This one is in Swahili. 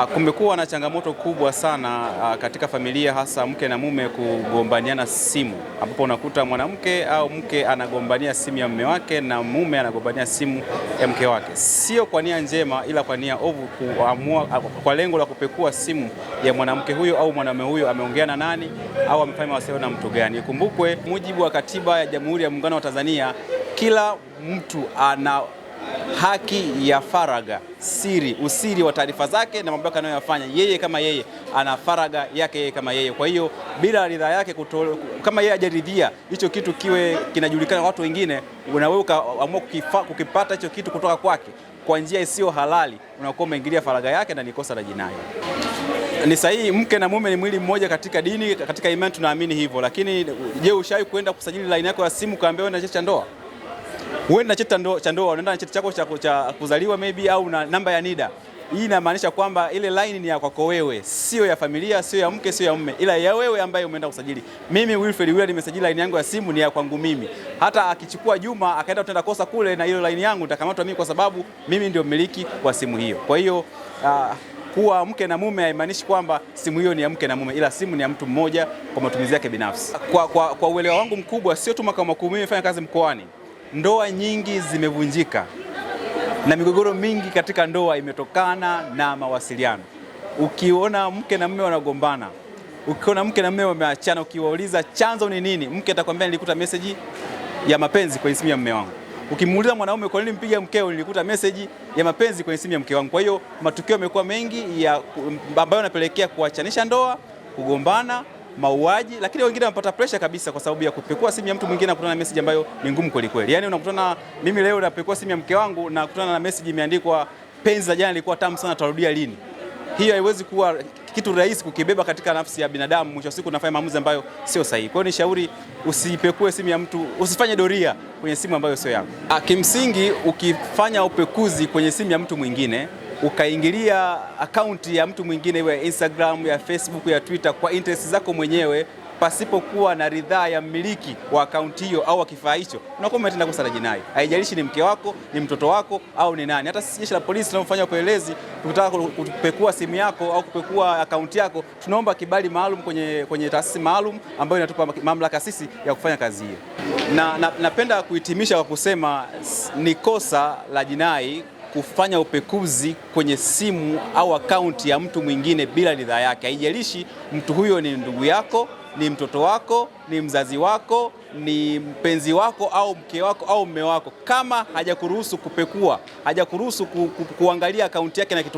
Ah, kumekuwa na changamoto kubwa sana ah, katika familia, hasa mke na mume kugombaniana simu, ambapo unakuta mwanamke au mke anagombania simu ya mume wake na mume anagombania simu ya mke wake, sio kwa nia njema, ila kwa nia ovu, kuamua ah, kwa lengo la kupekua simu ya mwanamke huyo au mwanamume huyo, ameongea na nani au amefanya mawasiliano na mtu gani. Ikumbukwe mujibu wa katiba ya Jamhuri ya Muungano wa Tanzania, kila mtu ana haki ya faraga, siri, usiri wa taarifa zake na mamlaka anayoyafanya yeye. Kama yeye ana faraga yake yeye kama yeye, kwa hiyo bila ridhaa yake kuto, kama yeye hajaridhia hicho kitu kiwe kinajulikana watu wengine, na wewe ukaamua kukipata hicho kitu kutoka kwake kwa njia isiyo halali, unakuwa umeingilia faraga yake na ni kosa la jinai. Ni sahihi, mke na mume ni mwili mmoja katika dini, katika imani tunaamini hivyo, lakini je, ushawahi kuenda kusajili laini yako ya simu ukaambiwa una cha ndoa? uende na cheti cha ndoa, unaenda na cheti chako cha cha kuzaliwa maybe au na namba ya NIDA. Hii inamaanisha kwamba ile line ni ya kwako wewe, sio ya familia, sio ya mke, sio ya mume, ila ya wewe ambaye umeenda kusajili. Mimi Wilfred William nimesajili line yangu ya simu ni ya kwangu mimi. Hata akichukua Juma akaenda kutenda kosa kule na ile line yangu nitakamatwa mimi, kwa sababu mimi ndio mmiliki wa simu hiyo. Kwa hiyo uh, kuwa mke na mume haimaanishi kwamba simu hiyo ni ya mke na mume, ila simu ni ya mtu mmoja kwa matumizi yake binafsi. Kwa, kwa, kwa uelewa wangu mkubwa, sio tu makao makuu, mimi nafanya kazi mkoani ndoa nyingi zimevunjika na migogoro mingi katika ndoa imetokana na mawasiliano. Ukiona mke na mume wanagombana, ukiona mke na mume wameachana, ukiwauliza chanzo ni nini, mke atakwambia nilikuta meseji ya mapenzi kwenye simu ya mume wangu. Ukimuuliza mwanaume kwa nini mpiga mkeo, nilikuta meseji ya mapenzi kwenye simu ya mke wangu. Kwa hiyo matukio yamekuwa mengi ya ambayo yanapelekea kuachanisha ndoa, kugombana mauaji, lakini wengine wanapata pressure kabisa kwa sababu ya kupekua simu ya mtu mwingine nakutana na message ambayo ni ngumu kweli kweli. Yaani unakutana mimi leo napekua simu ya mke wangu na kutana na message imeandikwa penzi la jana lilikuwa tamu sana, tutarudia lini? Hiyo haiwezi kuwa kitu rahisi kukibeba katika nafsi ya binadamu. Mwisho siku unafanya maamuzi ambayo sio sahihi. Kwa hiyo nishauri usipekue simu ya mtu, usifanye doria kwenye simu ambayo sio yako. Ah, kimsingi, ukifanya upekuzi kwenye simu ya mtu mwingine ukaingilia akaunti ya mtu mwingine, iwe ya Instagram, ya Facebook, ya Twitter, kwa interest zako mwenyewe pasipokuwa na ridhaa ya mmiliki wa akaunti hiyo au wa kifaa hicho, unakuwa umetenda kosa la jinai. Haijalishi ni mke wako, ni mtoto wako au ni nani. Hata sisi jeshi la polisi tunaofanya upelelezi, tukitaka kupekua simu yako au kupekua akaunti yako, tunaomba kibali maalum kwenye, kwenye taasisi maalum ambayo inatupa mamlaka sisi ya kufanya kazi hiyo, na napenda na kuhitimisha kwa kusema ni kosa la jinai kufanya upekuzi kwenye simu au akaunti ya mtu mwingine bila ridhaa yake. Haijalishi mtu huyo ni ndugu yako, ni mtoto wako, ni mzazi wako, ni mpenzi wako au mke wako au mume wako, kama hajakuruhusu kupekua, hajakuruhusu ku, ku, kuangalia akaunti yake na kitu